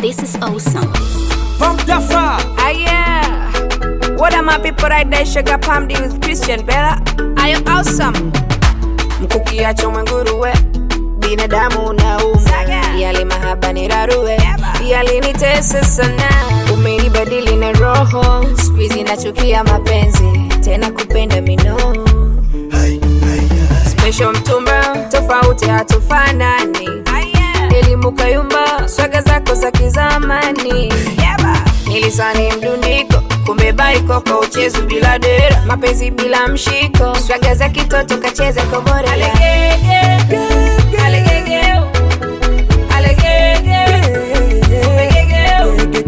This is awesome. From Jaffa. Ah, yeah. What am I people right there? Sugar Palm D with Christian Bella. I am awesome. Mkukiacho mwenguruwe binadamu umu. Yali mahaba ni raruwe. Yali ni tese sana, badili na roho, Squeezy skuizi nachukia mapenzi tena kupenda mino. Special mtumba tofauti hatufanani, ah, elimu kayumba amani nilisani mdundiko kumebaiko kwa uchezu bila dera mapenzi bila mshiko swaga za kitoto kacheza koborela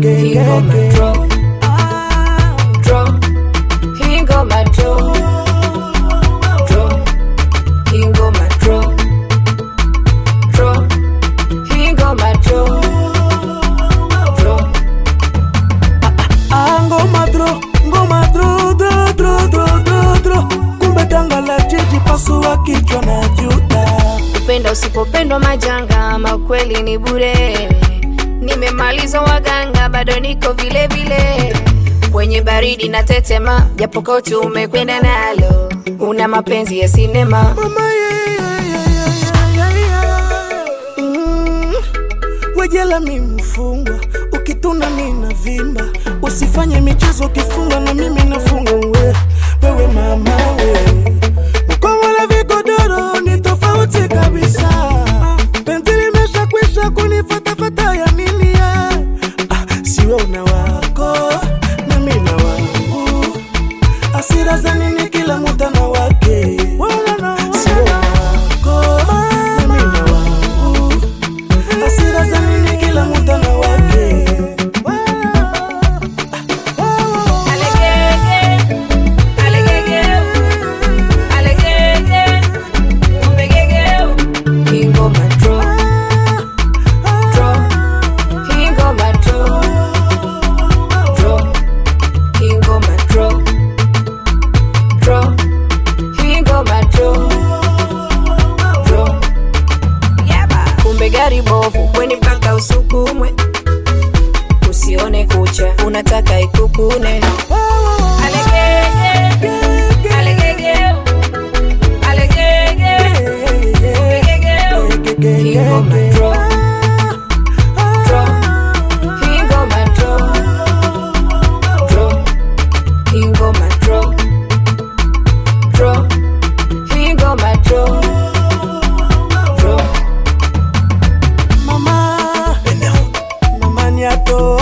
Ingoma draw kupenda usipopendwa majanga, makweli ni bure. Nimemaliza waganga, bado niko vile vile kwenye baridi na tetema, japo koti umekwenda nalo, una mapenzi ya sinema mama mm-hmm. Jela mi mfungwa, ukituna nina vimba, usifanye michezo, ukifungwa na mimi najua una wako na mimi na wangu, hasira za nini kila muda na ufukweni mpaka usukumwe, usione kucha, unataka ikukune todo